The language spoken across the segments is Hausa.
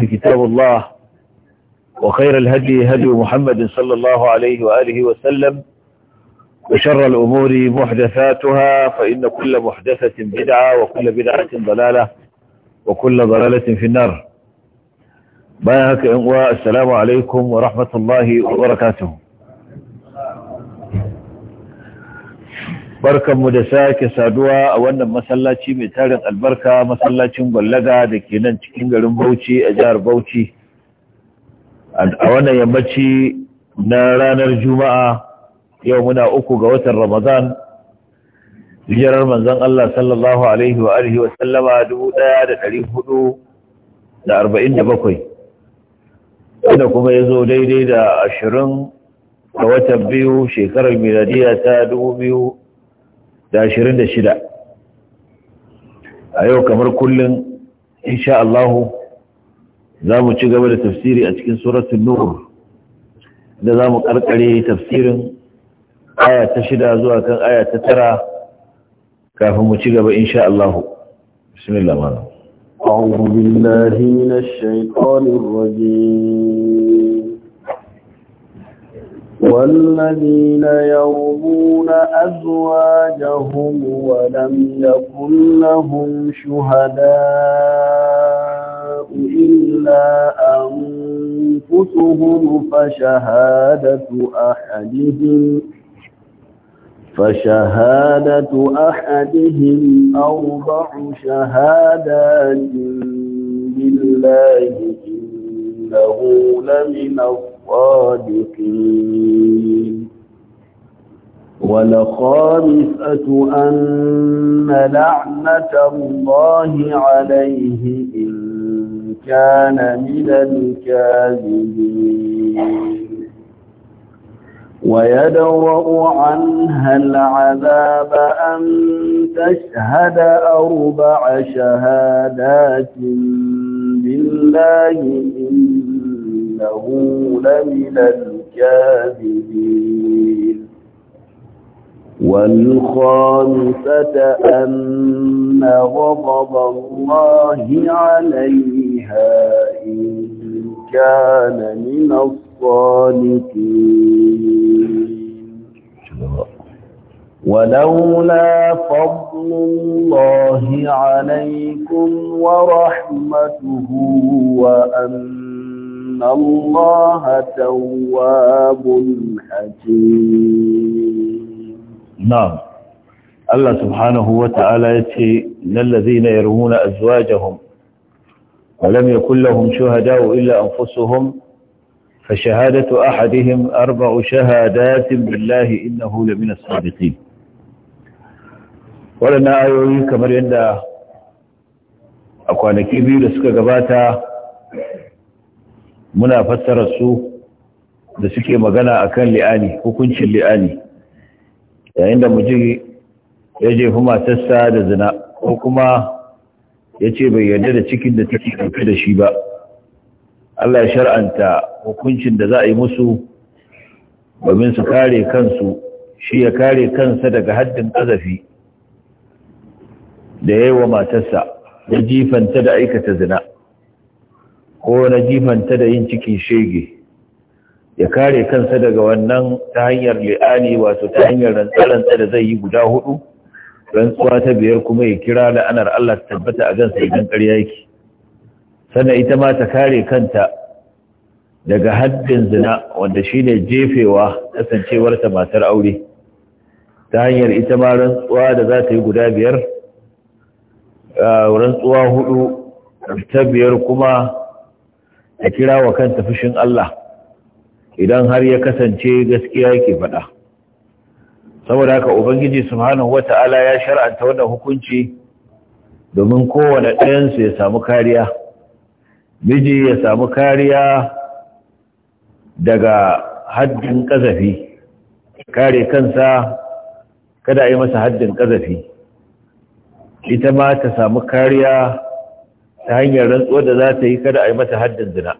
في كتاب الله وخير الهدي هدي محمد صلى الله عليه وآله وسلم وشر الأمور محدثاتها فإن كل محدثة بدعة وكل بدعة ضلالة وكل ضلالة في النار بارك السلام عليكم ورحمة الله وبركاته barkanmu da sake saduwa a wannan masallaci mai tarin albarka masallacin gwallaga da ke nan cikin garin bauchi a jihar bauchi a wannan yammaci na ranar juma'a yau muna uku ga watan ramadan hijirar manzon Allah sallallahu alaihi wa alihi wa sallama 1447 wanda kuma ya zo daidai da ashirin ga watan biyu shekarar miladiya ta biyu. da ashirin da shida a yau kamar kullum insha Allahu za mu ci gaba da tafsiri a cikin suratun nur da za mu ƙarƙare tafsirin aya ta shida zuwa kan aya ta tara kafin mu ci gaba insha Allahu bismillah ma'ana أعوذ بالله من الشيطان الرجيم والذين يرمون أزواجهم ولم يكن لهم شهداء إلا أنفسهم فشهادة أحدهم فشهادة أحدهم أربع شهادات بالله إنه لمن الصادقين ولخامسة أن لعنة الله عليه إن كان من الكاذبين ويدرأ عنها العذاب أن تشهد أربع شهادات بالله إن إنه لمن الكاذبين والخامسة أن غضب الله عليها إن كان من الصالحين ولولا فضل الله عليكم ورحمته وأن إن الله تواب حكيم نعم الله سبحانه وتعالى يتي للذين يرمون أزواجهم ولم يكن لهم شهداء إلا أنفسهم فشهادة أحدهم أربع شهادات بالله إنه لمن الصادقين ولنا آيوي كما يندى أقوانكي بيو لسك قباتا muna fassara su da suke magana a kan li'ani hukuncin li'ani yayin da muji ya jefi matarsa da zina ko kuma ya ce bai yarda da cikin da take ɗauke da shi ba Allah ya shar'anta hukuncin da za a yi musu domin su kare kansu shi ya kare kansa daga haddin ƙazafi da ya yi wa matarsa da jifanta da aikata zina ko na jifanta da yin cikin shege ya kare kansa daga wannan ta hanyar li'ani wato ta hanyar rantsa da zai yi guda hudu rantsuwa ta biyar kuma ya kira la'anar Allah ta tabbata a gansa idan ƙarya yake sannan ita ma ta kare kanta daga haddin zina wanda shi ne jefewa kasancewarta matar aure ta hanyar ita ma rantsuwa da za ta yi guda biyar rantsuwa hudu ta biyar kuma a kira wa kanta fushin Allah idan har ya kasance gaskiya yake faɗa saboda haka ubangiji subhanahu ta'ala ya shar'anta wannan hukunci domin kowane ɗayansu ya samu kariya miji ya samu kariya daga haddin ƙazafi kare kansa kada a yi masa haddin ƙazafi ita ma ta samu kariya ta hanyar rantsuwar da za ta yi kada a yi mata haddin zina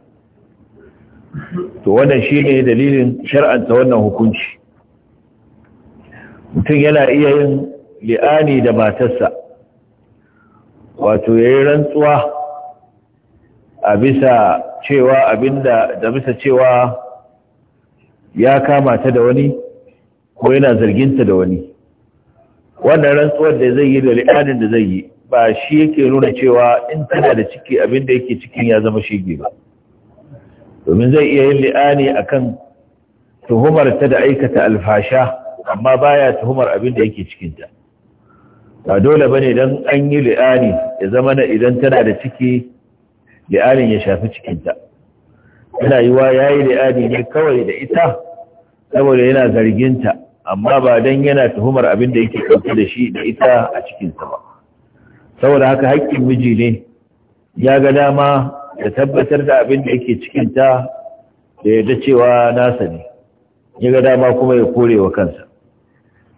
to wannan shi ne dalilin shar'anta wannan hukunci mutum yana iya yin li'ani da matarsa wato ya yi rantsuwa a bisa cewa abinda da bisa cewa ya kama ta da wani ko yana zarginta da wani wannan rantsuwar da zai yi da li'anin da zai yi ba shi yake nuna cewa in tana da ciki abinda yake cikin ya zama shige ba domin zai iya yin li'ani a kan tuhumar ta da aikata alfasha amma baya tuhumar abinda yake cikinta ba dole ba ne don an yi li'ani ya zama na idan tana da ciki li'anin ya shafi cikinta yana yiwa yayi li'ani ne kawai da ita saboda yana zarginta amma ba don yana tuhumar abinda yake ɗauke da shi da ita a cikinsa ba saboda haka hakkin miji ne ya ga dama da tabbatar da abin da yake cikin ta da da cewa nasa ne ya ga dama kuma ya kore wa kansa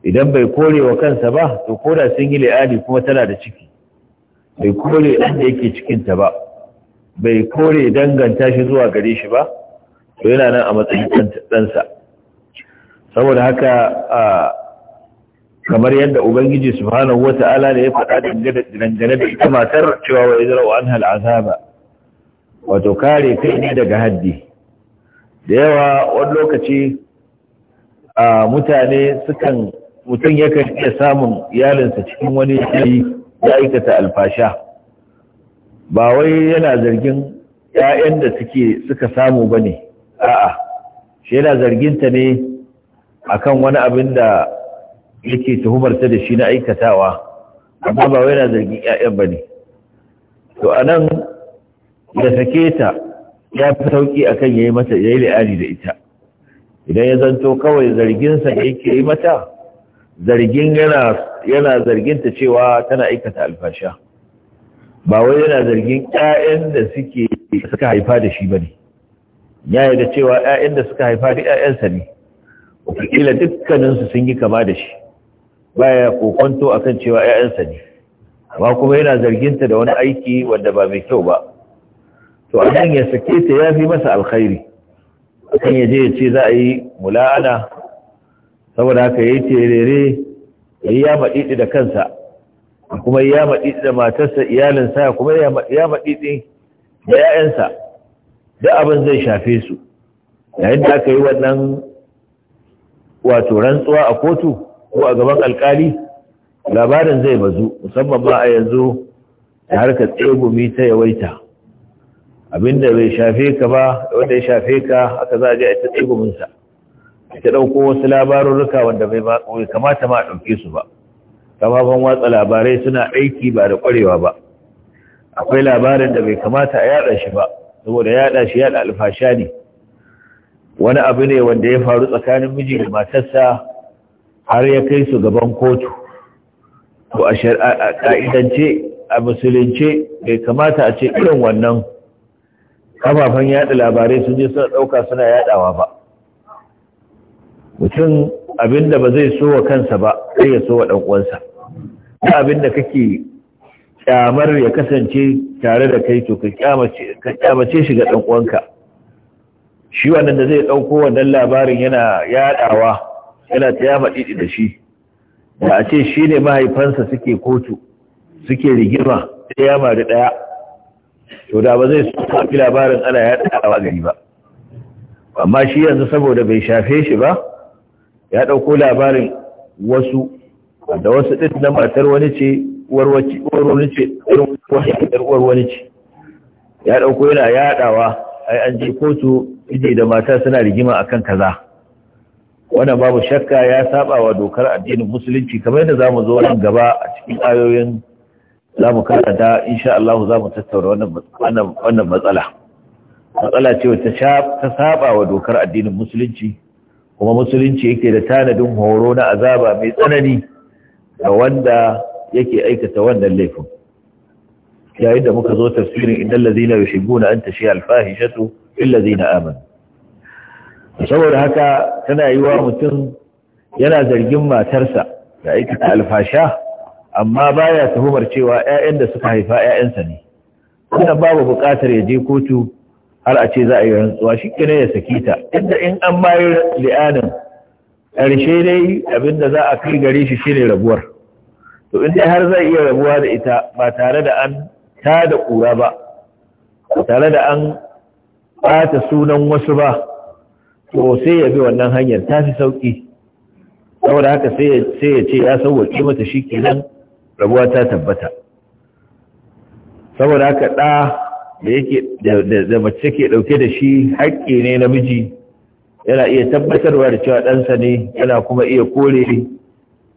idan bai kore wa kansa ba to koda sun yi la'ani kuma tana da ciki bai kore ɗan da yake cikinta ba bai kore danganta shi zuwa gare shi ba to yana nan a matsayin ɗansa saboda haka kamar yadda ubangiji subhanahu wata'ala da ya faɗa dangane da ita matar cewa wa izra'u anha al'azaba wato kare kai ne daga haddi da yawa wani lokaci a mutane sukan mutum yakan iya samun iyalinsa cikin wani yanayi ya aikata alfasha ba wai yana zargin 'ya'yan da suke suka samu ba ne a'a shi yana zarginta ne akan wani abin da yake tuhumarta da shi na aikatawa amma ba wai na zargin 'ya'yan ba ne to a nan da sake ta ya fi sauƙi a kan ya yi mata ya yi la'ani da ita idan ya zanto kawai zarginsa da yake yi mata zargin yana zarginta cewa tana aikata alfasha ba wai yana zargin 'ya'yan da suke suka haifa da shi ba ne ya yi da cewa 'ya'yan da suka haifa da 'ya'yansa ne wakilila dukkaninsu sun yi kama da shi baya kokonto kan cewa ‘ya'yansa ne amma kuma yana zarginta da wani aiki wanda ba mai kyau ba to a nan ya sake ta ya fi masa alkhairi akan kan yaje ya ce za a yi mula'ana saboda haka ya yi terere ya yi ya maɗiɗi da kansa kuma ya maɗiɗi da matarsa iyalinsa kuma ya maɗiɗi da ‘ya'yansa da abin zai shafe su yayin da aka yi wannan wato rantsuwa a kotu ko a gaban alkali labarin zai bazu musamman ba a yanzu da harkar tsegumi ta yawaita abinda bai shafe ka ba wanda ya shafe ka aka za a je a ta tseguminsa a ta ɗauko wasu labarurruka wanda bai kamata ma a ɗauke su ba kafafen watsa labarai suna aiki ba da ƙwarewa ba akwai labarin da bai kamata a yaɗa shi ba saboda yaɗa shi yaɗa alfasha ne wani abu ne wanda ya faru tsakanin miji da matarsa har ya kai su gaban kotu to a ƙa'idance a musulunce bai kamata a ce irin wannan kafafen yada labarai sun je suna ɗauka suna yadawa ba mutum abinda ba zai so wa kansa ba sai ya so wa ɗan'uwansa ta abinda kake kyamar ya kasance tare da kai to ka kyamace shi ga ɗan'uwanka shi wannan da zai ɗauko wannan labarin yana yadawa yana ta yama didi da shi da a ce shi ne mahaifansa suke kotu suke rigima ta yama da ɗaya to da ba zai sami labarin ana ya a gari ba amma shi yanzu saboda bai shafe shi ba ya ɗauko labarin wasu da wasu ɗin na matar wani ce wani ce ya ɗauko yana yaɗawa ai an je kotu ije da mata suna rigima akan kaza wannan babu shakka ya saba wa dokar addinin musulunci kamar yadda zamu zo nan gaba a cikin ayoyin zamu karanta insha Allah zamu tattauna wannan wannan matsala matsala ce wacce ta saba wa dokar addinin musulunci kuma musulunci yake da tanadin horo na azaba mai tsanani ga wanda yake aikata wannan laifin yayin da muka zo tafsirin innal ladina yushibuna an tashi al fahishatu fil ladina amanu saboda haka tana yi wa mutum yana zargin matarsa da aikata alfasha amma ba ya tuhumar cewa 'ya'yan da suka haifa 'ya'yansa ne wannan babu buƙatar ya je kotu har a ce za a yi rantsuwa shi kina ya saki ta inda in an bayar li'anin ƙarshe dai abinda za a kai gare shi shine rabuwar to inda har zai iya rabuwa da ita ba tare da an ta da ƙura ba tare da an ɓata sunan wasu ba to sai ya bi wannan hanyar ta fi sauƙi saboda haka sai ya ce ya sauwaƙe mata shi kenan rabuwa ta tabbata saboda haka ɗa da yake da mace ke ɗauke da shi haƙƙi ne namiji yana iya tabbatarwa da cewa ɗansa ne yana kuma iya kore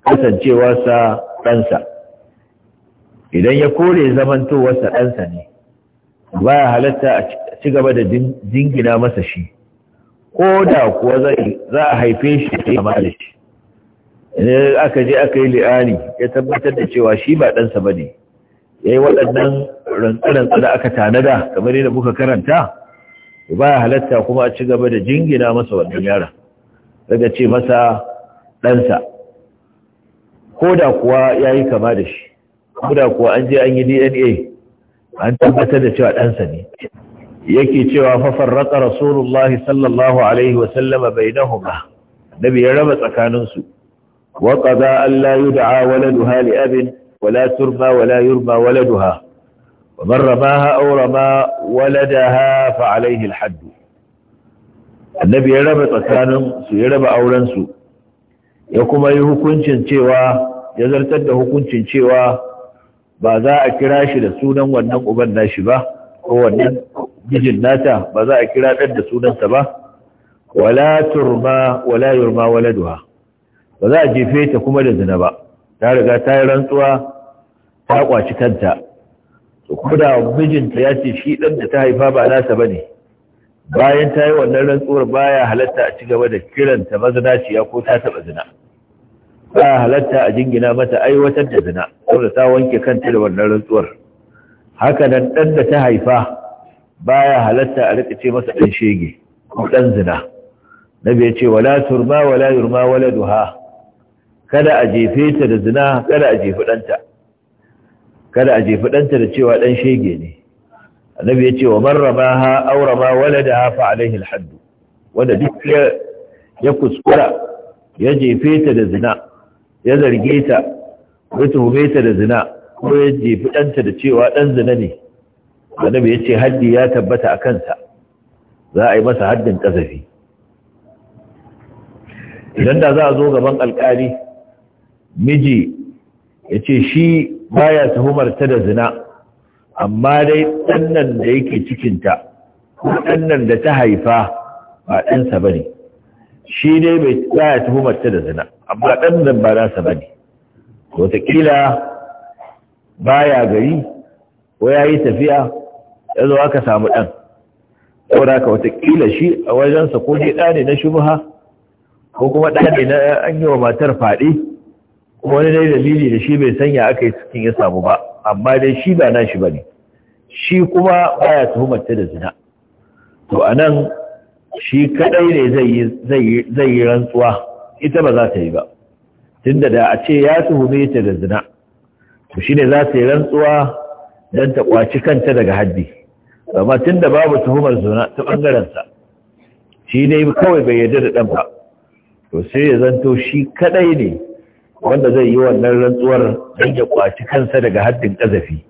kasancewarsa ɗansa idan ya kore zamantowarsa ɗansa ne ba ya halatta a ci gaba da jingina masa shi ko da kuwa za a haife shi da kama da shi ne aka je aka yi li'ani ya tabbatar da cewa shi ba ɗansa ba ne ya yi waɗannan rantsu-rantsu da aka tanada kamar yadda muka karanta ba ya halatta kuma a ci gaba da jingina masa wannan yara, daga ce masa ɗansa ko da kuwa ya yi kama da shi ko da kuwa an je an yi dna an tabbatar da cewa ɗansa ne yake cewa fafarraka rasulullahi sallallahu alaihi wasallama bai na huma da biyar raba tsakaninsu waka za Allah yi da'a waladuha li abin wala turba wala yurba waladuha wa marramaha aurama waladaha fa alaihi alhaddu annabi ya raba tsakaninsu ya raba aurensu ya kuma yi hukuncin cewa ya zartar da hukuncin cewa ba za a kira shi da sunan wannan uban nashi ba ko wannan mijin nata ba za a kira ɗan da sunansa ba wala turma wala yurma waladuha ba za a jefe ta kuma da zina ba ta riga ta yi rantsuwa ta kwaci kanta to kuma da mijinta ya ce shi ɗan da ta haifa ba nasa ba ne bayan ta yi wannan rantsuwar baya halatta a ci gaba da kiranta mazinaciya ko ta taɓa zina ba halatta a jingina mata aiwatar da zina saboda ta wanke kanta da wannan rantsuwar haka nan ɗan da ta haifa baya halatta a rikice masa ɗan shege ko ɗan zina nabi ya ce wala turma wala yurma wala duha kada a jefe ta da zina kada a jefe ɗanta kada a jefe ɗanta da cewa ɗan shege ne annabi ya ce wa marrama ha aurama wala da hafa alaihi alhaddu wanda duk ya kuskura ya jefe ta da zina ya zarge ta ya tuhume ta da zina ko ya jefe ɗanta da cewa ɗan zina ne annabi ya ce haddi ya tabbata a kansa za a yi masa haddin ƙazafi idan da za a zo gaban alkali miji ya ce shi baya tuhumarta da zina amma dai ɗannan da yake cikinta ɗannan da ta haifa ba ɗansa ba shi dai bai baya tuhumarta da zina amma ɗannan ba bane ba ne wataƙila baya gari ko ya yi tafiya ya zo aka samu ɗan saboda haka watakila shi a wajensa ko dai ɗa ne na shubha ko kuma ɗa ne na an yi wa matar faɗi kuma wani dai dalili da shi bai sanya aka yi cikin ya samu ba amma dai shi ba na shi ba ne shi kuma baya tuhumar ta da zina to a nan shi kaɗai ne zai yi rantsuwa ita ba za ta yi ba tunda da a ce ya tuhume ta da zina to shi ne za ta yi rantsuwa don ta kwaci kanta daga haddi amma tun da babu tuhumar zuna ta ɓangarensa shi ne kawai bai yarda da ɗan ba to sai ya zanto shi kaɗai ne wanda zai yi wannan rantsuwar don ya kwaci kansa daga haddin ƙazafi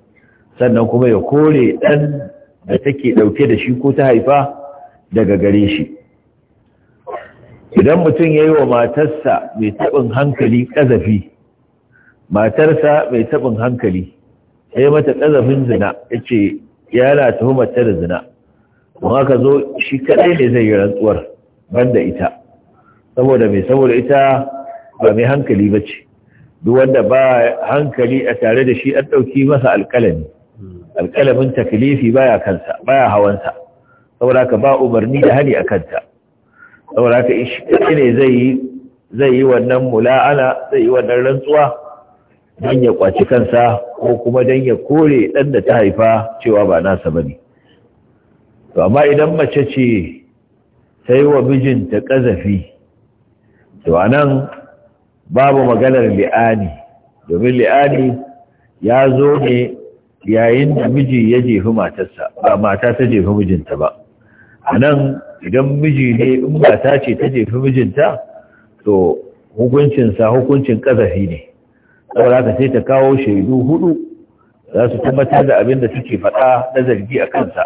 sannan kuma ya kore ɗan da take ɗauke da shi ko ta haifa daga gare shi idan mutum ya yi wa matarsa mai taɓin hankali ƙazafi matarsa mai taɓin hankali sai mata ƙazafin zina ya ce yana tuhumarta da zina don haka zo shi kaɗai ne zai yi rantsuwar banda ita saboda mai saboda ita ba mai hankali ba ce duk wanda ba hankali a tare da shi an ɗauki masa alƙalami alƙalamin ba baya kansa baya hawansa saboda ka ba umarni da hani a kanta saboda ka ishi ne zai yi wannan mula'ana zai yi wannan rantsuwa don ya kwaci kansa ko kuma don ya kore ɗan da ta haifa cewa ba nasa ba ne to amma idan mace ce ta yi wa mijinta ƙazafi to a nan babu maganar li'ani domin li'ani ya zo ne yayin da miji ya jefi matarsa ba mata ta jefi mijinta ba a nan idan miji ne in mata ce ta jefi mijinta to hukuncinsa hukuncin ƙazafi ne saboda sai ta kawo shaidu hudu za su tabbatar da abin da suke faɗa na zargi a kansa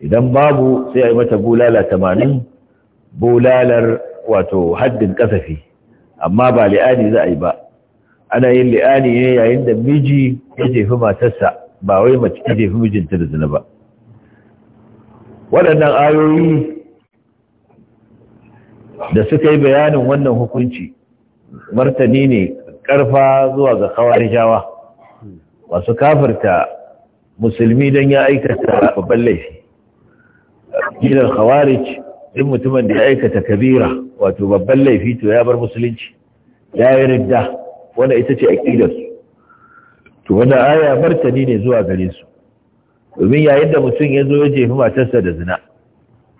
idan babu sai a yi mata bulala tamanin bulalar wato haddin kasafi amma ba li'ani za a yi ba ana yin li'ani ne yayin da miji ya jefi matarsa ba wai mace ta jefi mijinta da zina ba waɗannan ayoyi da suka yi bayanin wannan hukunci martani ne karfa zuwa ga kawarijawa masu kafirta musulmi don ya aikata babban laifi gidan kawarij din mutumin da ya aikata kabira wato babban laifi to ya bar musulunci ya yi ridda wanda ita ce su. to wanda aya martani ne zuwa gare su domin yayin da mutum ya zo ya jefi matarsa da zina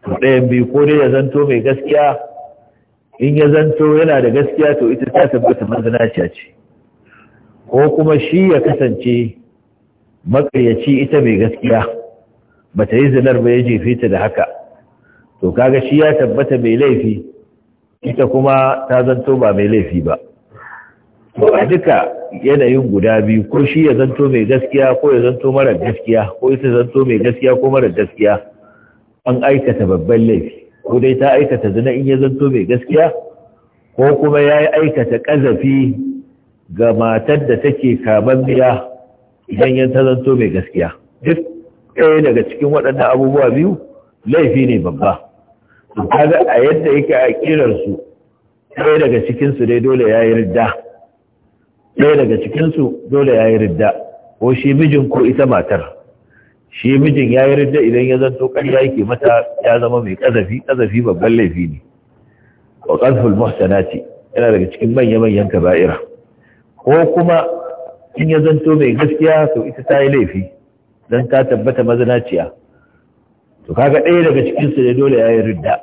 to ɗayan biyu ko dai ya zanto mai gaskiya in ya zanto yana da gaskiya to ita ta tabbata mazinaciya ce ko kuma shi ya kasance makaryaci ita mai gaskiya ba ta yi zinar ba ya jefe ta da haka to kaga shi ya tabbata mai laifi ita kuma ta zanto ba mai laifi ba to a duka yanayin guda biyu ko shi ya zanto mai gaskiya ko ya zanto marar gaskiya ko ita zanto mai gaskiya ko marar gaskiya an aikata babban laifi ko dai ta aikata zina in ya zanto mai gaskiya ko kuma ya yi aikata ƙazafi ga matar da take miya idan ya ta zanto mai gaskiya duk ɗaya daga cikin waɗannan abubuwa biyu laifi ne babba kaga a yadda yake a kirarsu ɗaya daga cikinsu dai dole ya yi ridda ɗaya daga cikinsu dole ya yi ridda ko shi mijin ko ita matar shi mijin ya yi idan ya zanto karya yake mata ya zama mai kazafi kazafi babban laifi ne wa ƙazful muhsanati yana daga cikin manya-manyan kaza'ira ko kuma in ya zanto mai gaskiya to ita ta yi laifi don ta tabbata mazinaciya to kaga ɗaya daga cikinsu ne dole ya yi ridda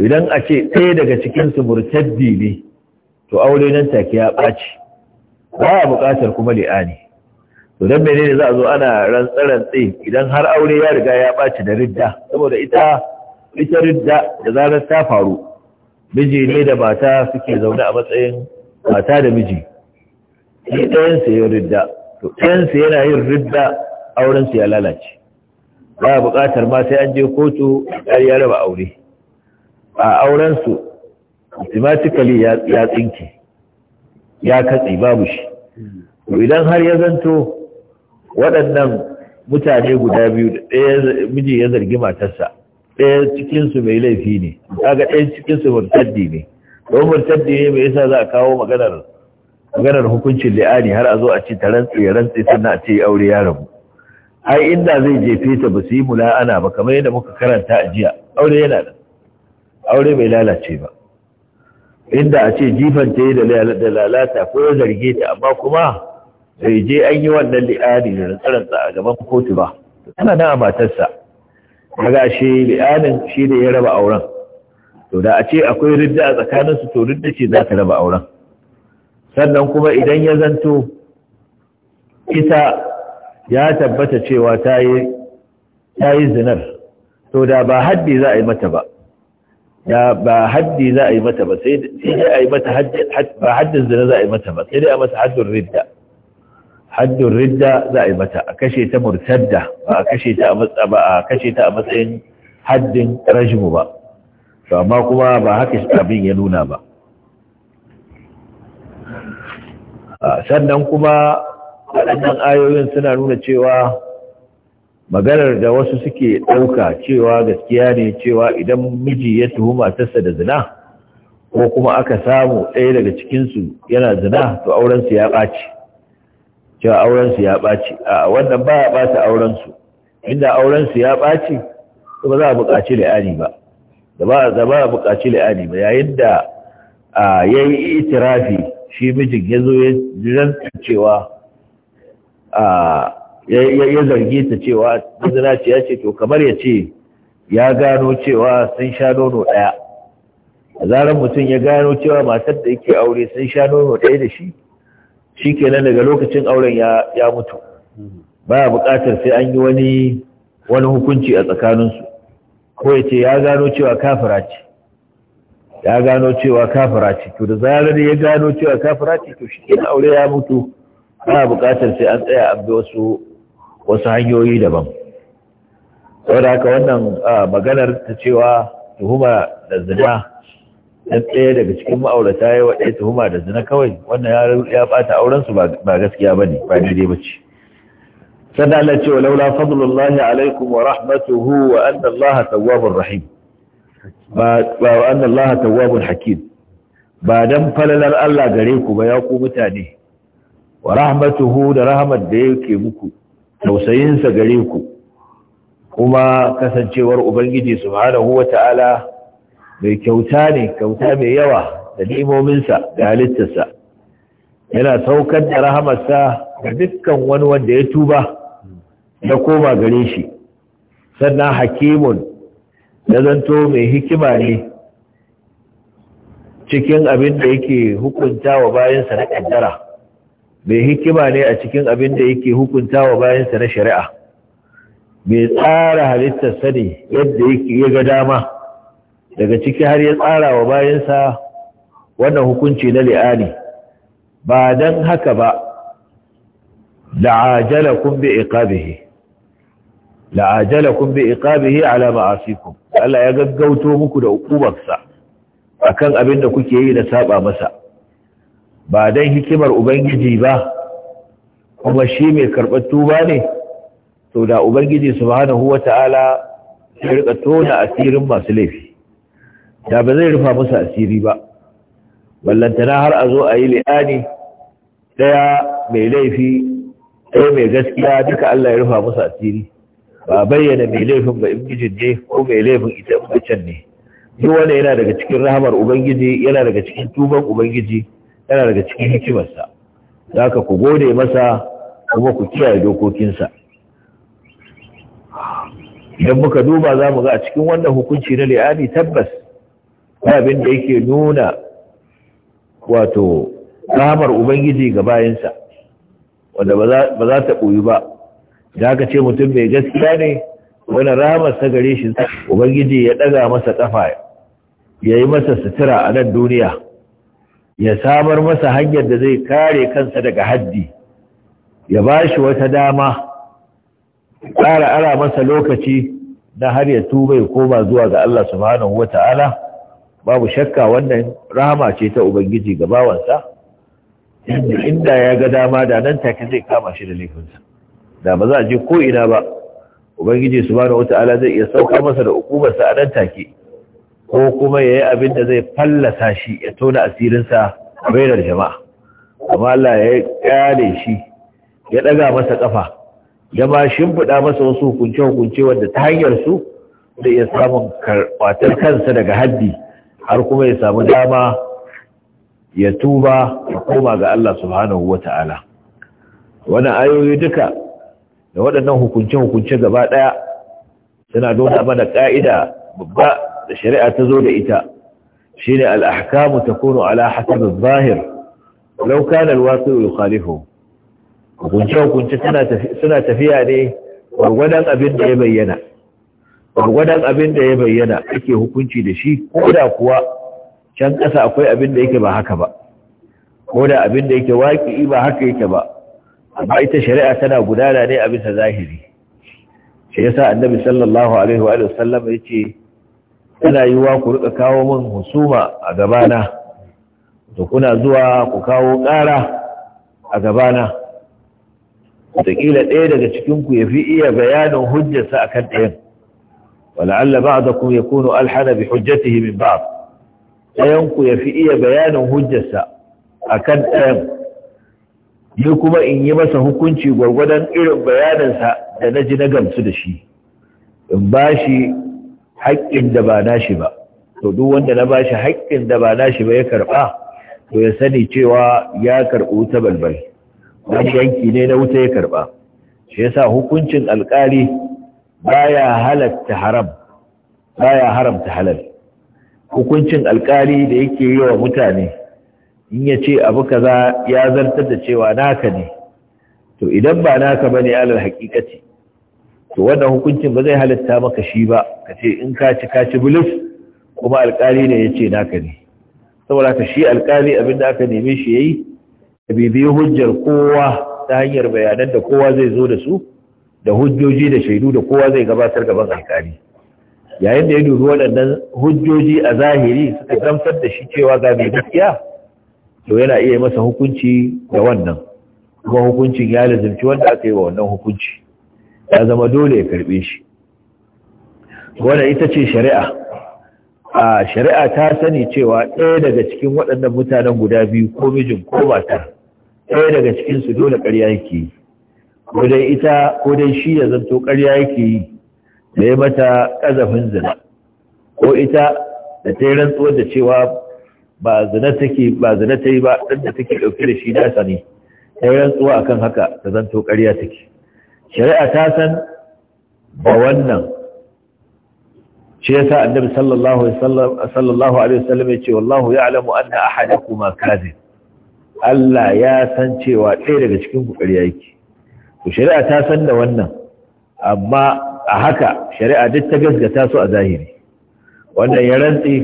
idan a ce ɗaya daga cikinsu murtaddi ne to aure nan take ya ɓaci ba a buƙatar kuma li'ani to dan menene za a zo ana rantsarantsi idan har aure ya riga ya ɓaci da ridda saboda ita ita ridda da zarar ta faru miji ne da mata suke zaune a matsayin mata da miji shi ɗayansa ya ridda to ɗayansa yana yin ridda aurensa ya lalace ba a buƙatar ma sai an je kotu har ya raba aure a aurensu automatically ya tsinke ya katse babu shi idan har ya zanto waɗannan mutane guda biyu ɗaya miji ya zargi matarsa ɗaya cikinsu mai laifi ne kaga ɗaya cikinsu murtaddi ne don murtaddi ne mai yasa za a kawo maganar maganar hukuncin li'ani har a zo a ci ta rantsi ya rantsi sannan a ce aure ya rabu ai inda zai jefe ta ba su yi mula'ana ba kamar yadda muka karanta a jiya aure yana da aure bai lalace ba inda a ce jifan ta yi da lalata ko ya zarge ta amma kuma bai je an yi wannan li'ani da rantsarantsa a gaban kotu ba tana nan a matarsa daga shi li'anin shi ne ya raba auren to da a ce akwai ridda a tsakaninsu to ridda ce za ta raba auren sannan kuma idan ya zanto ita ya tabbata cewa ta yi zinar to da ba haddi za a yi mata ba da ba haddi za a yi mata ba sai dai a yi mata ba haddin zina za a yi mata ba sai dai a mata haddin ridda haddun ridda za a yi mata a kashe ta murtadda ba a kashe ta a matsayin haddin rajmu ba to amma kuma ba haka abin ya nuna ba sannan kuma waɗannan ayoyin suna nuna cewa maganar da wasu suke ɗauka cewa gaskiya ne cewa idan miji ya tuhuma tasa da zina ko kuma aka samu ɗaya daga cikinsu yana zina to aurensu ya ɓaci cewa aurensu ya ɓaci a wannan ba ya ɓata aurensu inda aurensu ya ɓaci ba za a buƙaci la'ani ba da ba a buƙaci la'ani ba yayin da ya yi itirafi shi mijin ya zo ya zanta cewa ya zargi ta cewa zina ce ya ce to kamar ya ce ya gano cewa sun sha nono ɗaya a zarar mutum ya gano cewa matar da yake aure sun sha nono ɗaya da shi shi kenan daga lokacin auren ya mutu Ba ya buƙatar sai an yi wani wani hukunci a tsakaninsu ko ya ce ya gano cewa kafira ce ya gano cewa kafira ce to da zarar ya gano cewa kafira ce to shi kenan aure ya mutu Ba ya buƙatar sai an tsaya an bi wasu wasu hanyoyi daban saboda haka wannan maganar ta cewa tuhuma da zina dan ɗaya daga cikin ma'aurata ya waɗaya tuhuma da zina kawai wannan ya bata aurensu ba gaskiya ba ne ba daidai ba ce sannan Allah ce wa laula fadlullahi alaikum wa rahmatuhu wa anna Allah tawwabur rahim ba wa anna Allah tawwabur hakim ba dan falalar Allah gare ku ba ya ku mutane wa rahmatuhu da rahmat da yake muku tausayin sa gare ku kuma kasancewar ubangiji subhanahu wata'ala mai kyauta ne kyauta mai yawa da limominsa da halittarsa yana saukar da rahamarsa ga dukkan wani wanda ya tuba ya koma gare shi sannan hakimun ya zanto mai hikima ne cikin abin da yake hukunta wa bayansa na kaddara mai hikima ne a cikin abin da yake hukunta wa bayansa na shari'a mai tsara halittarsa ne yadda yake ya ga dama daga ciki har ya tsara wa bayansa wannan hukunci na li'ani ba don haka ba la'ajalakum bi iqabihi kun bi iqabihi ala ma'asikum Allah ya gaggauto muku da hukumarsa akan abin da kuke yi da saba masa ba don hikimar ubangiji ba kuma shi mai karɓar tuba ne to da ubangiji subhanahu wata'ala ya rika tona asirin masu laifi da ba zai rufa musu asiri ba ballantana har a zo a yi li'ani ɗaya mai laifi ɗaya mai gaskiya duka Allah ya rufa musu asiri ba bayyana mai laifin ba mijin ne ko mai laifin ita macen ne duk wanda yana daga cikin rahamar ubangiji yana daga cikin tuban ubangiji yana daga cikin hikimarsa za ka ku gode masa kuma ku kiyaye dokokinsa idan muka duba za mu ga a cikin wannan hukunci na li'ani tabbas abin da yake nuna wato ramar ubangiji ga bayansa wanda ba za ta ɓoyi ba da aka ce mutum mai gaskiya ne wani ramar ta gare shi ubangiji ya ɗaga masa ƙafa ya yi masa sutura a nan duniya ya samar masa hanyar da zai kare kansa daga haddi ya ba shi wata dama ƙara ara masa lokaci na har ya tuba ya koma zuwa ga Allah subhanahu wa Ta'ala). babu shakka wannan rahama ce ta ubangiji ga bawansa inda ya ga dama da nan take zai kama shi da laifinsa da ba za a je ko ina ba ubangiji subhanahu wataala zai iya sauka masa da hukumarsa a nan take ko kuma yayi abin da zai fallasa shi ya tona asirinsa a bainar jama'a amma Allah ya ƙyale shi ya ɗaga masa kafa ya shimfiɗa masa wasu hukunce-hukunce wanda ta hanyar su da iya samun karɓatar kansa daga haddi har kuma ya samu dama ya tuba ya koma ga Allah subhanahu wa ta'ala Wani ayoyi duka da waɗannan hukunce-hukunce gaba ɗaya suna nuna mana ƙa'ida babba da shari'a ta zo da ita shi ne al'ahkamu ta kuno ala hasabin zahir laukan alwasu yukhalifu hukunce-hukunce suna tafiya ne gwargwadon abin da ya bayyana gwargwadon abin da ya bayyana ake hukunci da shi ko da kuwa can ƙasa akwai abin da yake ba haka ba ko da abin da yake waƙi ba haka yake ba amma ita shari'a tana gudana ne a bisa zahiri shi yasa annabi sallallahu alaihi wa sallam ya ce tana yi wa ku rika kawo min husuma a gabana da kuna zuwa ku kawo ƙara a gabana wataƙila ɗaya daga cikinku ya fi iya bayanin hujjarsa kan ɗayan ولعل بعضكم يكون ألحن بحجته من بعض أينكو يفئي بيان هجسة أكن أم يكما إن يمس هكونشي وغدا إرم بيانا سنجي نقم سدشي إن باشي حق دباناشي با to duk wanda na bashi hakkin da ba nashi ba ya karba? to ya sani cewa ya karɓi wuta balbal yanki ne na wuta ya karɓa shi hukuncin alkali? baya halatta haram baya haramta halal hukuncin alkali da yake yi wa mutane in ya ce abu kaza ya zartar da cewa naka ne to idan ba naka bane alal hakikati to wannan hukuncin ba zai halatta maka shi ba ka ce in ka ci ka ci bulus kuma alkali ne ya ce naka ne saboda ka shi alkali da aka neme shi yayi bibiyi hujjar kowa ta hanyar bayanan da kowa zai zo da su da hujjoji da shaidu da kowa zai gabatar gaban alkali yayin da ya dubi waɗannan hujjoji a zahiri suka gamsar da shi cewa ga mai gaskiya to yana iya masa hukunci da wannan kuma hukuncin ya lazimci wanda aka yi wa wannan hukunci ya zama dole ya karɓe shi wanda ita ce shari'a a shari'a ta sani cewa ɗaya daga cikin waɗannan mutanen guda biyu ko mijin ko matar ɗaya daga cikinsu dole ƙarya yake yi ko dai ita ko dai shi ya zanto ƙarya yake yi da ya mata ƙazafin zina ko ita da ta yi rantsuwar da cewa ba zina take ta yi ba ɗan da take ɗauke da shi nasa ne ta yi rantsuwa a kan haka ta zanto ƙarya take shari'a ta san ba wannan shi yasa annabi sallallahu alaihi wasallam ya ce wallahu ya a anna kuma kazi Allah ya san cewa ɗaya daga cikin ku ƙarya yake ku shari'a ta san da wannan amma a haka shari'a duk ta gaskata su a zahiri wannan ya rantsi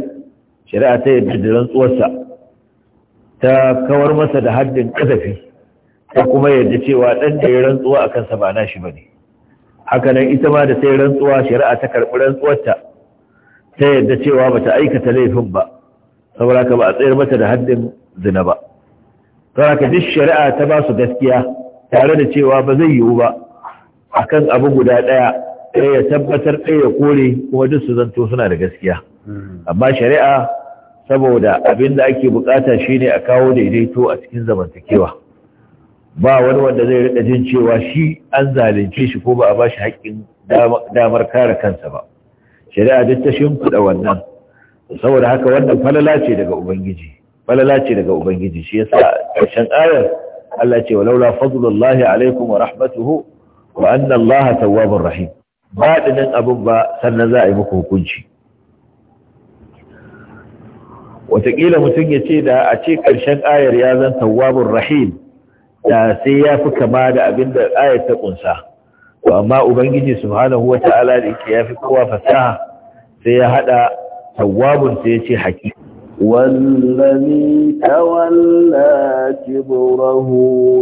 shari'a ta yadda da rantsuwarsa ta kawar masa da haddin kasafi ta kuma yadda cewa ɗan da ya rantsuwa a kansa ba nashi ba ne hakanan ita ma da sai rantsuwa shari'a ta karɓi rantsuwarta ta yadda cewa ba ta aikata laifin ba saboda ka ba a tsayar mata da haddin zina ba saboda ka duk shari'a ta ba su gaskiya tare da cewa ba zai yiwu ba akan abu guda ɗaya ɗaya ya tabbatar ɗaya ya kore kuma duk su zanto suna da gaskiya hmm. amma shari'a saboda abin da ake bukata shine a kawo daidaito a cikin zamantakewa ba wani wanda zai rika jin cewa shi an zalunce shi ko ba a bashi haƙƙin damar kare kansa ba shari'a duk ta shimfiɗa wannan saboda haka wannan falala ce daga ubangiji falala ce daga ubangiji shi yasa ƙarshen ayar Allah ce wa laula fadlullahi alaikum wa rahmatuhu wa anna Allah tawwabur rahim ba dinin abin ba sannan za a yi muku hukunci watakila mutum ya ce da a ce ƙarshen ayar ya zan tawwabur rahim da sai ya fi kama da abin da ayar ta kunsa to amma ubangiji subhanahu wata'ala da yake ya fi kowa fasaha sai ya hada tawwabun sai ya ce haƙi. والذي تولى كبره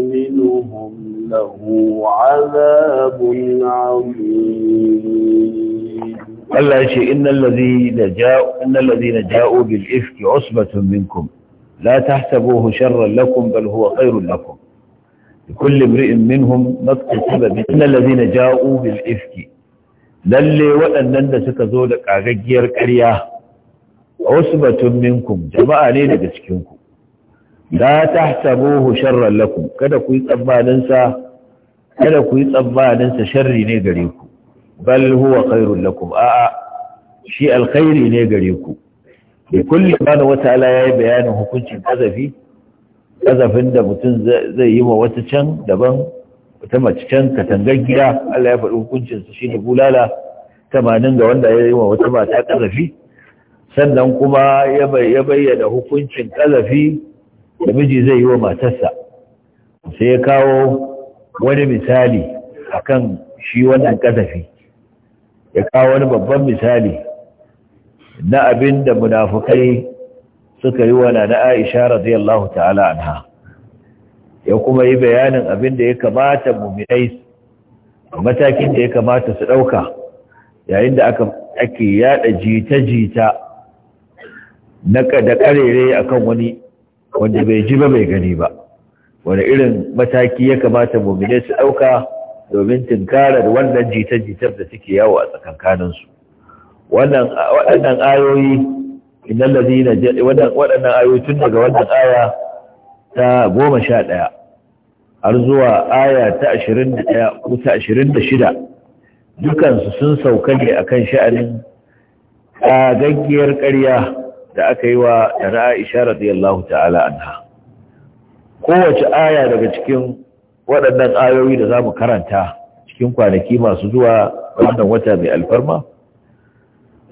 منهم له عذاب عظيم الله شيء إن الذين جاءوا, إن الذين جاءوا بالإفك عصبة منكم لا تحسبوه شرا لكم بل هو خير لكم لكل امرئ منهم نطق سبب إن الذين جاءوا بالإفك للي waɗannan da ذولك zo da usbatun minkum jama'a ne daga cikin ku la tahsabuhu sharran lakum kada ku yi tsammanin sa kada ku yi tsammanin sa sharri ne gare ku bal huwa khairul lakum a'a shi alkhairi ne gare ku bi kulli bana wata ala yayi bayanin hukuncin kazafi kazafin da mutum zai yi wa wata can daban wata mace can katangar gida Allah ya faɗi hukuncin sa shine bulala 80 ga wanda ya yi wa wata mata kazafi sannan kuma ya bayyana hukuncin ƙazafi da miji zai yi wa matarsa sai ya kawo wani misali akan shi wannan ƙazafi ya kawo wani babban misali na abin da munafukai suka yi wana na aisha radiyallahu ta'ala anha ya kuma yi bayanin abin da ya kamata muminai matakin da ya kamata su ɗauka yayin da ake yada jita-jita na da karere akan wani wanda bai ji ba bai gani ba wani irin mataki ya kamata mummune su ɗauka domin tunkarar wannan jita-jitar da suke yawo a tsakankaninsu waɗannan ayoyi inan lazina waɗannan ayoyi tun daga wannan aya ta goma sha ɗaya har zuwa aya ta ashirin da ɗaya ko ta ashirin da shida dukansu sun sauka ne a kan sha'anin ƙagaggiyar ƙarya da aka yi wa na Aisha radiyallahu ta'ala anha kowace aya daga cikin waɗannan ayoyi da zamu karanta cikin kwanaki masu zuwa wannan wata mai alfarma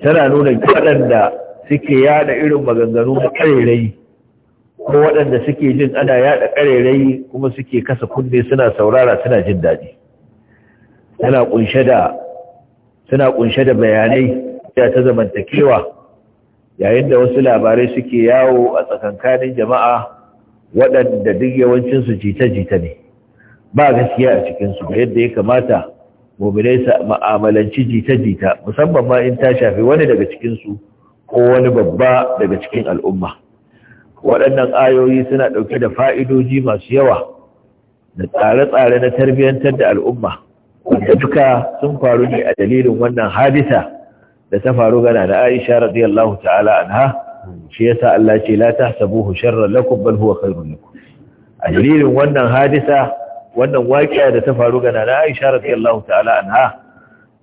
tana nuna waɗanda suke yada irin maganganu na ƙarerai ko waɗanda suke jin ana yada ƙarerai kuma suke kasa kunne suna saurara suna jin daɗi tana ƙunshe suna ƙunshe da bayanai ta zamantakewa yayin da wasu labarai suke yawo a tsakankanin jama'a waɗanda duk yawancinsu jita-jita ne ba gaskiya a cikinsu ba yadda ya kamata mominai su ma'amalanci jita-jita musamman ma in ta shafi wani daga cikinsu ko wani babba daga cikin al'umma waɗannan ayoyi suna ɗauke da fa'idoji masu yawa da tsare-tsare na tarbiyyantar da al'umma wanda duka sun faru ne a dalilin wannan hadisa da ta faru gana da Aisha radiyallahu ta'ala anha shi yasa Allah ce la tahsabuhu sharran lakum bal huwa khairun lakum a dalilin wannan hadisa wannan waƙiya da ta faru gana da Aisha radiyallahu ta'ala anha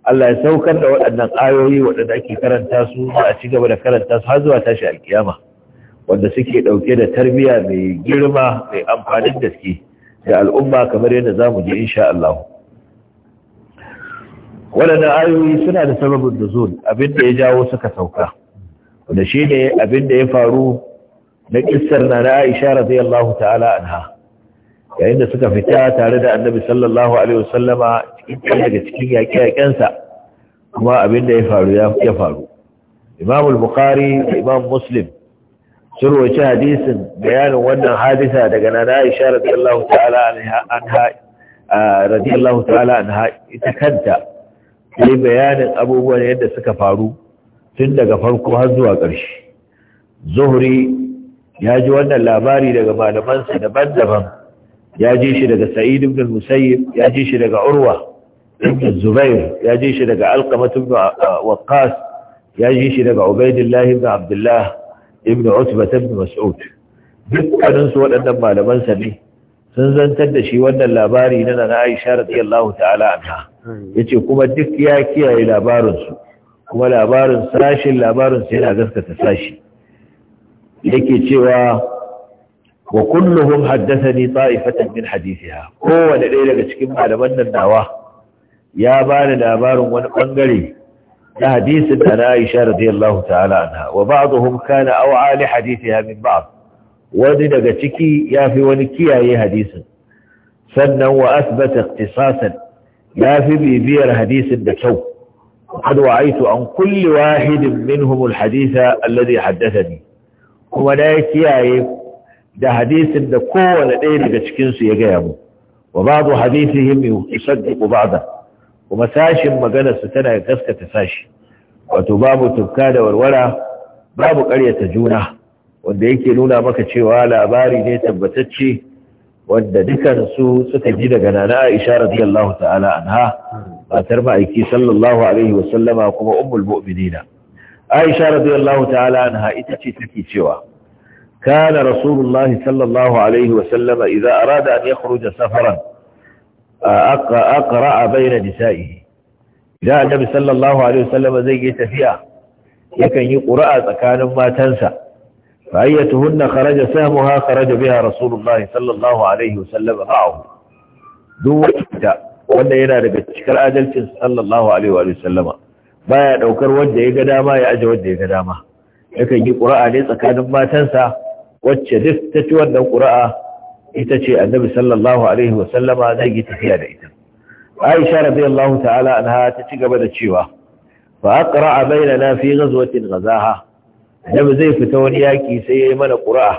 Allah ya saukar da waɗannan ayoyi waɗanda ake karanta su a ci gaba da karanta su har zuwa tashi alkiyama wanda suke ɗauke da tarbiyya mai girma mai amfanin gaske ga al'umma kamar yadda za mu ji insha Allah. waɗannan ayoyi suna da sababin nuzul abin da ya jawo suka sauka wanda shi ne abinda ya faru na kissar na na Aisha radiyallahu ta'ala anha yayin da suka fita tare da Annabi sallallahu alaihi wasallama cikin daga cikin yaƙe yaƙensa kuma abinda ya faru ya faru Imam al-Bukhari da Imam Muslim sun rawaci hadisin bayanin wannan hadisa daga na na Aisha radiyallahu ta'ala anha radiyallahu ta'ala anha ita kanta ya yi bayanin abubuwan yadda suka faru tun daga farko har zuwa ƙarshe Zuhri ya ji wannan labari daga malamansa daban-daban ya ji shi daga sa'id ibn musayyib ya ji shi daga urwa ibn zubair ya ji shi daga alqamatu ibn waqqas ya ji shi daga ubaidillah ibn abdullah ibn utbah ibn mas'ud dukkanin su waɗannan malamansa ne sun zantar da shi wannan labari na na Aisha radiyallahu ta'ala anha yace kuma duk ya kiyaye labarinsu kuma labarin sashin labarinsu yana gaskata sashi yake cewa wa kulluhum haddathani ta'ifatan min hadithiha kowanne ɗaya daga cikin malaman nan nawa ya bani labarin wani bangare na hadisin da na Aisha radiyallahu ta'ala anha wa ba'dhum kana aw'a li hadithiha min ba'd wani daga ciki ya fi wani kiyaye hadisin sannan wa asbata iqtisasan لا في بيبير حديث الدكو قد وعيت عن كل واحد منهم الحديث الذي حدثني هو لا يتياي ده حديث الدكو ولدين بشكنس يقيمه وبعض حديثهم يصدق بعضه ومساش مجانا ستنا يكسك تساش وتباب تبكاد والولا باب قرية جونة وانده يكي لولا مكتش وعلى باري نيتا بتتشي wanda dukansu suka ji daga nana Aisha radiyallahu ta'ala ha? matar ma'aiki sallallahu alaihi wa sallama kuma ummul mu'minina Aisha radiyallahu ta'ala anha ita ce take cewa kana rasulullah sallallahu alaihi wa sallama idza arada an ya yakhruja safaran a a bayna nisa'ihi idan annabi sallallahu alaihi wa sallama zai yi tafiya yakan yi qura'a tsakanin matansa فأيتهن خرج سهمها خرج بها رسول الله صلى الله عليه وسلم معه دوتا wanda yana daga cikar adalcin sallallahu alaihi wa sallama baya daukar wanda ya ga dama ya aje wanda ya ga dama yakan yi qur'a ne tsakanin matansa wacce duk ta ci wannan qur'a ita ce annabi sallallahu alaihi wa sallama zai yi tafiya da ita Aisha radiyallahu ta'ala anha ta ci gaba da cewa fa aqra'a bainana fi ghazwatin ghazaha annabi zai fita wani yaki sai ya yi mana ƙura'a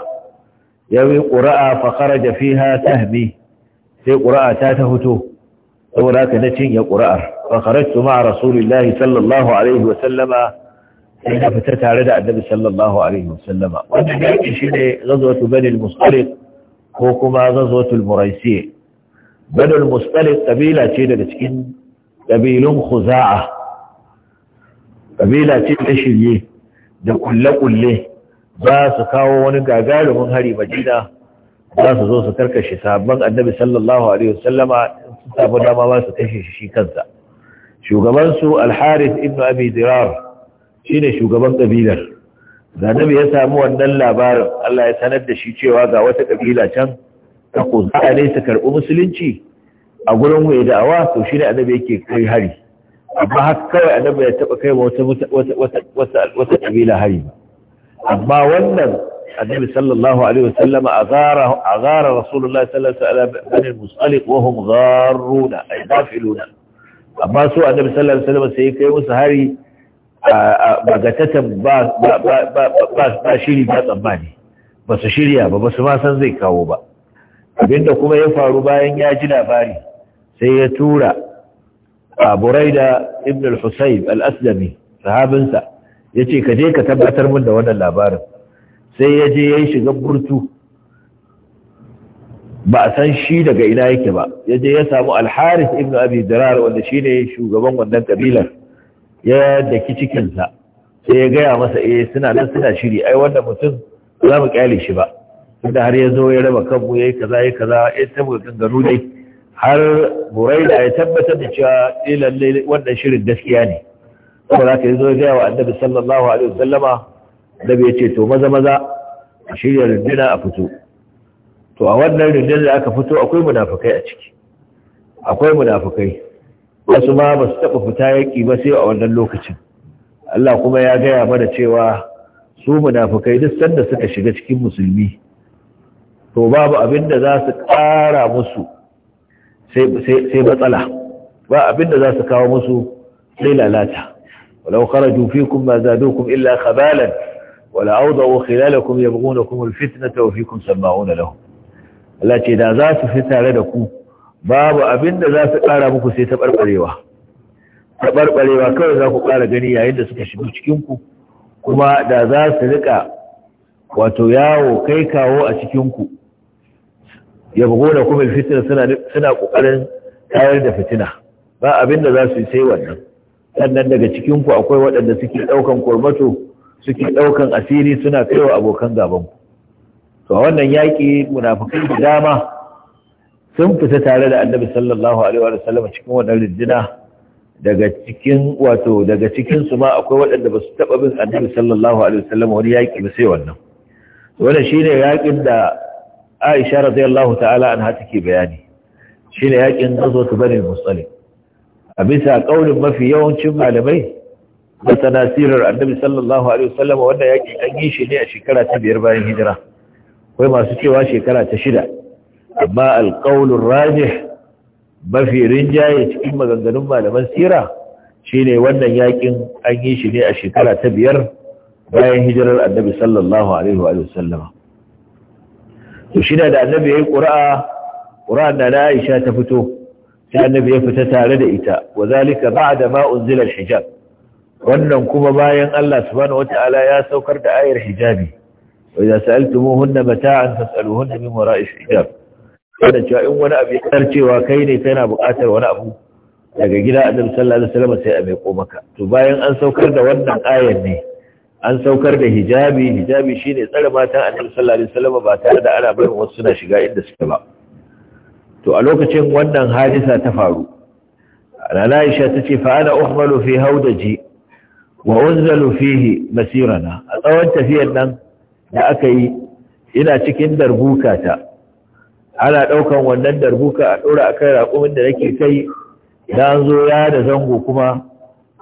ya yi ƙura'a fakara da fiha hami sai ƙura'a ta ta fito saboda haka na cinye ƙura'ar fakararsu ma rasulillahi sallallahu alaihi wasallama sai na fita tare da annabi sallallahu alaihi wasallama wannan yaki shi ne zazwatu banil musalik ko kuma zazwatul muraisi banil musalik ƙabila ce daga cikin kabilun khuza'a kabila ce ta shirye da kulle-kulle za su kawo wani gagarumin hari madina za su zo su karkashe sabon annabi sallallahu alaihi wasallama su samu dama su kashe shi kansa shugabansu alharis ibn abi dirar shine shugaban kabilar da ya samu wannan labarin Allah ya sanar da shi cewa ga wata kabila can ta ko za ne su karɓi musulunci a gurin mai da'awa to shine annabi yake kai hari amma kawai annabi ya taɓa kai wata ƙabila hari ba amma wannan annabi sallallahu alaihi wasallam azara azara rasulullah sallallahu alaihi wasallam bani musalik wa hum gharuna ay ghafiluna amma su annabi sallallahu alaihi wasallam sai kai musu hari bagatatan ba ba ba ba shiri ba tsammani ba su shirya ba ba su ma san zai kawo ba abinda kuma ya faru bayan ya ji labari sai ya tura a buraida ibn al-husayb al-aslami sahabinsa yace ka je ka tabbatar min da wannan labarin sai ya je yayin shiga burtu ba a san shi daga ina yake ba ya je ya samu al-harith ibn abi dirar wanda shine shugaban wannan kabilar ya daki cikinsa sai ya gaya masa eh suna nan suna shiri ai wannan mutum za mu kyale shi ba tunda har ya zo ya raba kanmu yayi kaza yayi kaza ya tabbata kan garu dai har buraida ya tabbatar da cewa eh, lalle wannan shirin gaskiya ne za ka yi zo gaya wa annabi sallallahu alaihi wasallama da bai ce to maza maza a shirya rundunar a fito to a wannan rundunar da aka fito akwai munafukai a ciki akwai munafukai wasu ma ba su taɓa fita yaƙi ba sai a wannan lokacin Allah kuma ya gaya mana cewa su munafukai duk sanda suka shiga cikin musulmi to babu abin da za su ƙara musu sai matsala ba abinda za su kawo musu sai lalata jufi kun fikum ma kun illa khabalan wala awdahu khilalakum yabghunakum alfitnata wa fikum sama'una lahum Allah ce da za su fi tare da ku babu abinda za su ƙara muku sai ta barbarewa ta barbarewa kawai za ku ƙara gani yayin da suka shigo cikin ku kuma da za su riƙa. wato yawo kai kawo a cikin ku yabghuna kuma alfitna suna suna kokarin tayar da fitina ba abin da za su yi sai wannan sannan daga cikin ku akwai waɗanda suke daukan kurmato suke daukan asiri suna kaiwa abokan gaban ku to wannan yaki munafikai da dama sun fita tare da annabi sallallahu alaihi wa sallam cikin wannan rijina daga cikin wato daga cikin su ma akwai waɗanda ba su taɓa bin annabi sallallahu alaihi wa sallam wani yaki ba sai wannan wannan shine yakin da aisha radiyallahu ta'ala anha ke bayani shine yakin ghazwat bani musali a bisa ƙaunin mafi yawancin malamai da tanasirar annabi sallallahu alaihi wasallam wanda yakin an yi shi ne a shekara ta biyar bayan hijira akwai masu cewa shekara ta shida amma alqaulur rajih mafi rinjaye cikin maganganun malaman sira ne wannan yakin an yi shi ne a shekara ta biyar bayan hijirar annabi sallallahu alaihi wa sallam to shi da annabi ya yi ƙura'a ƙura'an da na aisha ta fito sai annabi ya fita tare da ita wa zalika ba da ma'un zilar hijab wannan kuma bayan Allah wata ala ya saukar da ayar hijabi wa idza sa'altumuhunna mata'an fas'aluhunna min wara'i hijab kada cewa in wani abu ya cewa kai ne kana buƙatar wani abu daga gida annabi sallallahu alaihi wasallam sai a mai maka to bayan an saukar da wannan ayar ne an saukar da hijabi hijabi shine tsare matan annabi sallallahu alaihi wasallam ba tare da ana barin wasu suna shiga inda suke ba to a lokacin wannan hadisa ta faru ana Aisha tace fa ana uhmalu fi haudaji wa unzalu fihi masirana a tsawon tafiyar nan da aka yi ina cikin darbuka ta ana daukan wannan darbuka a dora akan raƙumin da nake kai dan zo ya da zango kuma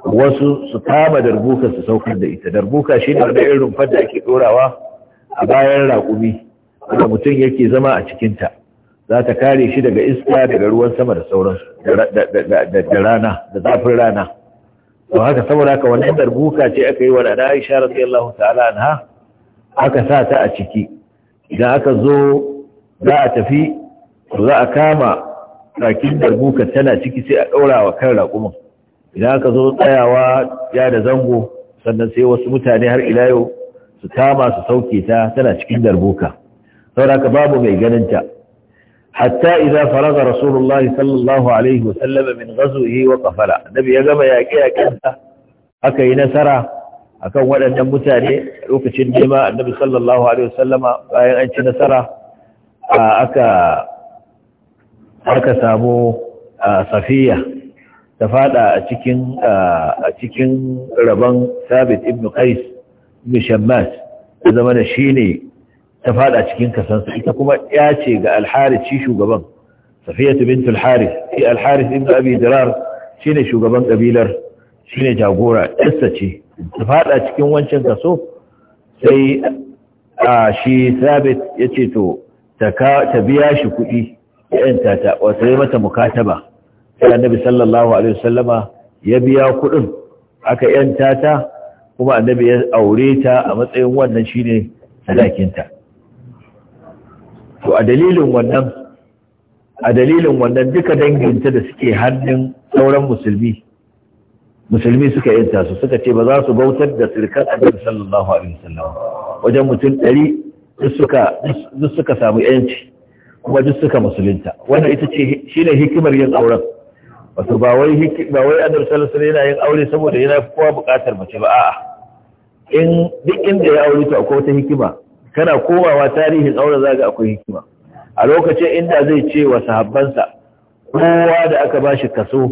wasu su kama darbuka su saukar da ita darbuka shi ne wanda irin rumfar da ake ɗorawa a bayan raƙumi wanda mutum yake zama a cikinta za ta kare shi daga iska daga ruwan sama da sauransu da rana da zafin rana to haka saboda haka wannan darbuka ce aka yi wa da Aisha radiyallahu ta'ala anha aka sa ta a ciki idan aka zo za a tafi za a kama rakin darbuka tana ciki sai a ɗaura wa kan raƙumin idan aka zo tsayawa ya da zango sannan sai wasu mutane har ila yau su kama su sauke ta tana cikin darboka sauraka babu mai ganinta hatta idan faraga rasulullahi sallallahu alaihi wasallam min ghazwihi wa qafala nabi ya gama yaƙe yaƙensa aka yi nasara akan waɗannan mutane lokacin nema annabi sallallahu alaihi wasallama bayan an ci nasara aka aka samu safiya ta fada a cikin rabon sabit ibn qais ibn shammas ta zama da shine ta fada cikin kasansa ita kuma ya ce ga al shi shugaban safiyatu bint al-harith shi al-harith ibn abi dirar shine shugaban kabilar shine jagora ɗarsa ce ta fada cikin wancan kaso sai a shi sabit ya ce to ta biya shi kuɗi ya yanta ta wata mata mukataba sai annabi sallallahu alaihi sallama ya biya kuɗin aka yanta ta kuma annabi ya aure ta a matsayin wannan shine sadakinta to a dalilin wannan a dalilin wannan duka danginta da suke hannun sauran musulmi musulmi suka yanta su suka ce ba za su bautar da sirkan annabi sallallahu alaihi wasallam wajen mutum ɗari duk suka samu yanci kuma duk suka musulunta wannan ita ce shine hikimar yin auren wato ba wai ba wai annabi sallallahu alaihi yana yin aure saboda yana kowa buƙatar mace ba a'a in duk inda ya aure ta akwai wata hikima kana komawa tarihin aure za akwai hikima a lokacin inda zai ce wa sahabbansa kowa da aka bashi kaso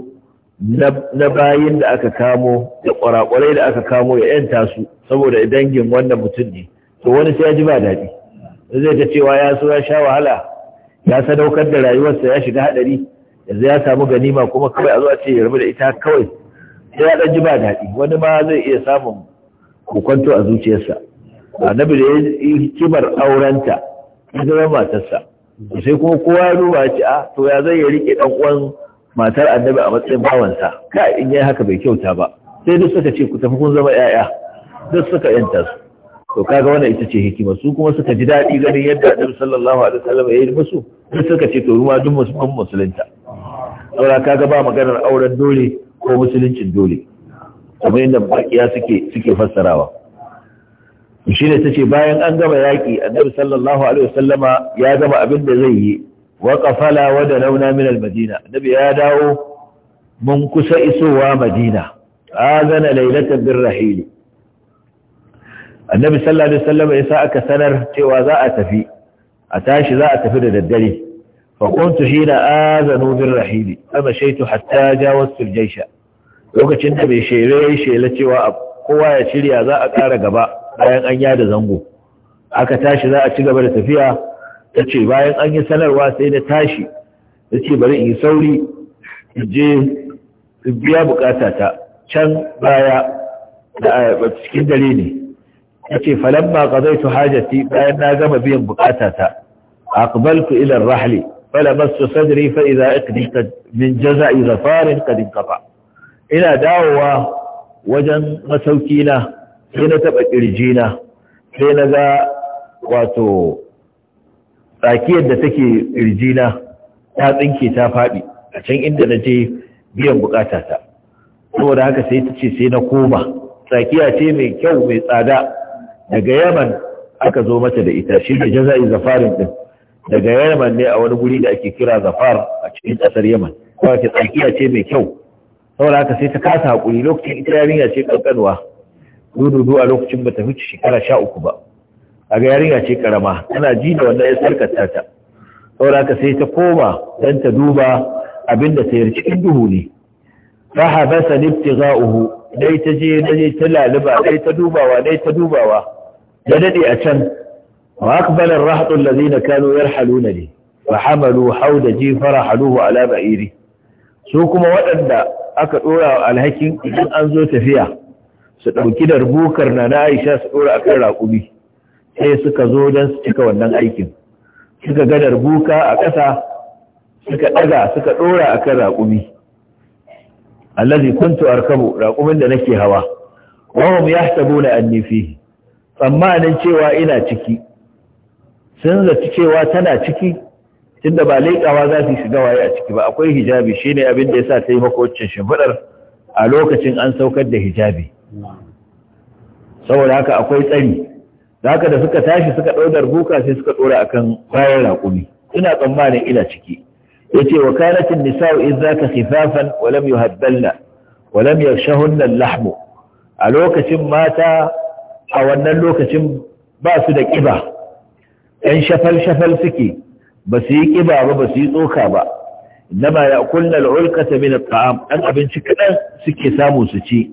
na bayin da aka kamo da kwarakwarai da aka kamo ya yanta su saboda dangin wannan mutum ne to wani sai ya ji ba daɗi zai ta cewa ya so ya sha wahala ya sadaukar da rayuwarsa ya shiga haɗari yanzu ya samu ganima kuma kawai a zo ce ya rabu da ita kawai sai ya ɗanji ba daɗi wani ma zai iya samun kokonto a zuciyarsa A bi da ya yi kimar aurenta ya zama matarsa sai kuma kowa ya duba ce a ah, to ya zai ya rike ɗan uwan matar annabi a matsayin bawansa ka in yi haka bai kyauta ba sai duk suka ce ku tafi kun zama 'ya'ya duk suka yanta su to kaga wannan ita ce hikima su kuma suka ji daɗi ganin yadda annabi sallallahu alaihi wasallam ya yi musu duk suka ce to ruwa duk musulman musulunta saura kaga ba maganar auren dole ko musuluncin dole kamar yadda bakiya suke suke fassarawa shi ne ce bayan an gama yaki annabi sallallahu alaihi wasallama ya gama abin da zai yi wa qafala wa da launa min madina annabi ya dawo mun kusa isowa madina azana lailatan birrahili annabi sallallahu alaihi ya sa aka sanar cewa za a tafi a tashi za a tafi da daddare فكنت حين آذنوا بالرحيل فمشيت حتى جاوزت الجيش lokacin da bai shere shela cewa kowa ya shirya za a ƙara gaba bayan an yada zango aka tashi za a ci gaba da tafiya ta ce bayan an yi sanarwa sai na tashi da ce bari in yi sauri je biya bukata ta can baya da cikin dare ne ya ce falamma ka zai tu bayan na gama biyan bukata ta akbaltu ilar rahli فلمست صدري فإذا اقني من جزع ظفار قد انقطع ina dawowa wajen masauki na sai na taɓa ƙirji na sai na ga wato tsakiyar da take ƙirji na ta tsinke ta faɗi a can inda na je biyan buƙata ta saboda haka sai ta ce sai na koma tsakiya ce mai kyau mai tsada daga yaman aka zo mata da ita shi da jaza'i zafarin din daga yaman ne a wani guri da ake kira zafar a cikin ƙasar yaman kuma ke tsakiya ce mai kyau saboda haka sai ta kasa haƙuri lokacin ita yarinya ce ƙanƙanwa dudu a lokacin ba ta fice shekara sha uku ba a ga yarinya ce ƙarama tana ji da wannan ya sarkata ta saboda haka sai ta koma dan ta duba abin da yi cikin duhu ne fa habasa nibtiga'uhu dai ta je dai ta laluba dai ta dubawa dai ta dubawa da dade a can وأقبل الرهط الذين كانوا يرحلون لي فحملوا حول جي فرحلوه على بئيري سوكما وأن أكدورا الهكين إذن أنزو تفيا ستوكيد ربوكر نانايشا سؤورا أكرا raƙumi, sai suka zo don su cika wannan aikin suka ga darbuka a ƙasa suka ɗaga suka ɗora a kan raƙumi allazi kuntu arkabu raƙumin da nake hawa wahum yahtabuna anni annifi. tsammanin cewa ina ciki sun zaci cewa tana ciki tunda ba laikawa za su shiga waye a ciki ba akwai hijabi shine abin da yasa ta yi makocin shimfidar a lokacin an saukar da hijabi saboda haka akwai tsari haka da suka tashi suka ɗaudar buka sai suka ɗora akan bayan raƙumi ina tsammanin ina ciki yace wa kanatin nisa'u idzaka khifafan wa lam yuhaddalna wa lam yashahunna al-lahmu a lokacin mata a wannan lokacin ba su da kiba yan shafal-shafal suke ba su yi ƙiba ba ba su yi tsoka ba nama ya kulla al'ulkata min ta'am ɗan abinci kaɗan suke samu su ci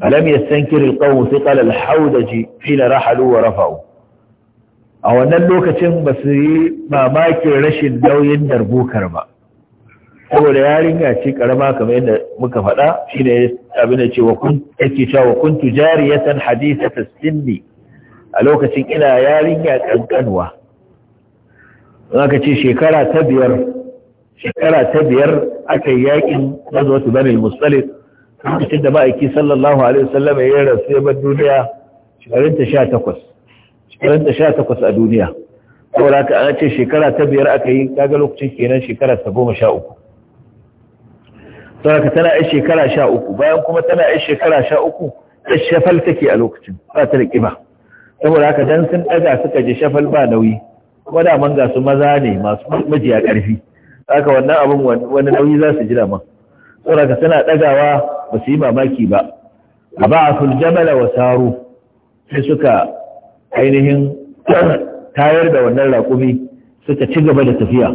alam ya san kirin ƙawon sai ƙala alhaudaji fila rahalu wa rafa'u a wannan lokacin ba su yi mamakin rashin nauyin darbukar ba saboda yarinya ce ƙarama kamar yadda muka faɗa shi ne abin da ce wa kun cewa wa kun tujari ya san hadisa ta sinni a lokacin ina yarinya ƙanƙanwa zaka ce shekara ta biyar shekara ta biyar aka yi yakin gazwatu bani al-mustalik lokacin da ma'aiki sallallahu alaihi wasallam ya rasu ya bar duniya shekarun ta 18 shekarun ta 18 a duniya saboda ka an ce shekara ta biyar aka yi kaga lokacin kenan shekara ta goma sha uku! saboda ka tana ai shekara sha uku! bayan kuma tana ai shekara sha uku! ta shafal take a lokacin ba ta da kiba saboda haka dan sun daga suka je shafal ba nauyi kuma daman ga su maza ne masu a ƙarfi haka wannan abin wani nauyi za su ji daman saboda suna ɗagawa ba su yi mamaki ba a ba a fuljamala wa saro sai suka ainihin tayar da wannan raƙumi suka ci gaba da tafiya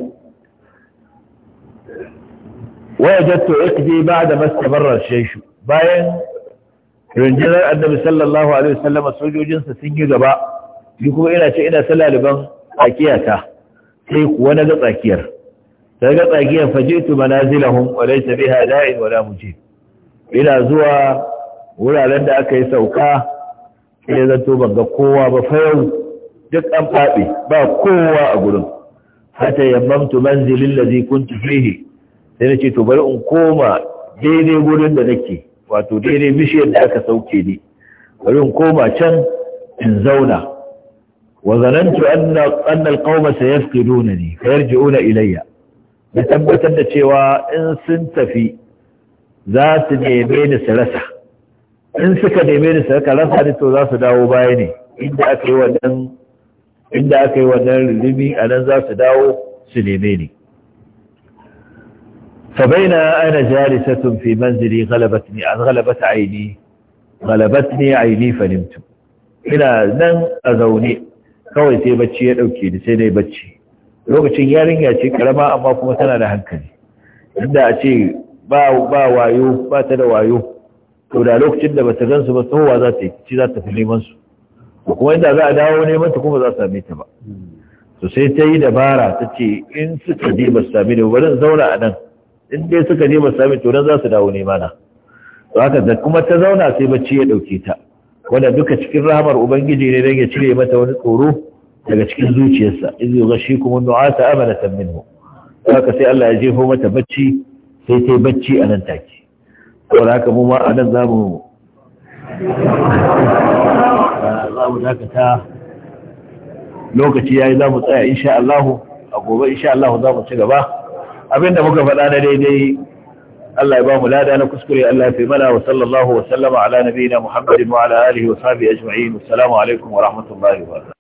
waya jatto ikdi ba da mastabarar sheshu bayan rundunar annabi sallallahu alaihi wasallama sojojinsa sun yi gaba ni kuma ina ce ina salaliban tsakiyata sai kuwa na ga tsakiyar sai ga tsakiyar fajitu manazilahum wa laysa biha da'in wala mujib ina zuwa wuraren da aka yi sauka sai zato ban ga kowa ba fa yau duk an ba kowa a gurin hata yammamtu manzilil ladhi kuntu fihi sai nace to bari in koma daidai gurin da nake wato daidai bishiyar da aka sauke ni bari in koma can in zauna وظننت أن, أن القوم سيفقدونني فيرجعون إلي نتبت أن تشيوا إن سنت في ذات نيمين سلسة إن سك نيمين سلسة لن تنتو ذات داو بايني إن أكي ودن إن أكي ودن لمي أنا ذات داو سنيميني فبين أنا جالسة في منزلي غلبتني غلبت عيني غلبتني عيني فنمت إلى نن أذوني kawai sai bacci ya ɗauke ni sai dai bacci lokacin yarinya ce karama amma kuma tana da hankali inda a ce ba wayo ba ta da wayo to da lokacin da bata gansu ba tsohuwa za ta ci za ta fi neman su kuma inda za a dawo neman ta kuma za ta same ta ba to sai ta yi dabara ta ce in suka je ba su same da bari zauna a nan in dai suka je ba su same to nan za su dawo nema na to haka da kuma ta zauna sai bacci ya ɗauke ta wanda duka cikin rahamar ubangiji ne dan ya cire mata wani tsoro daga cikin zuciyarsa idh yughashshikum an-nu'asa amanatan minhu haka sai Allah ya jefo mata bacci sai ta bacci a nan take saboda haka mu ma a nan zamu zamu dakata lokaci yayi zamu tsaya insha Allah a gobe insha Allah zamu ci gaba abinda muka faɗa na daidai Allah ya ba mu lada na kuskure Allah fi mana wa sallallahu wa sallama ala nabiyina Muhammadin wa ala alihi wa sahbihi ajma'in assalamu alaikum wa rahmatullahi wa barakatuh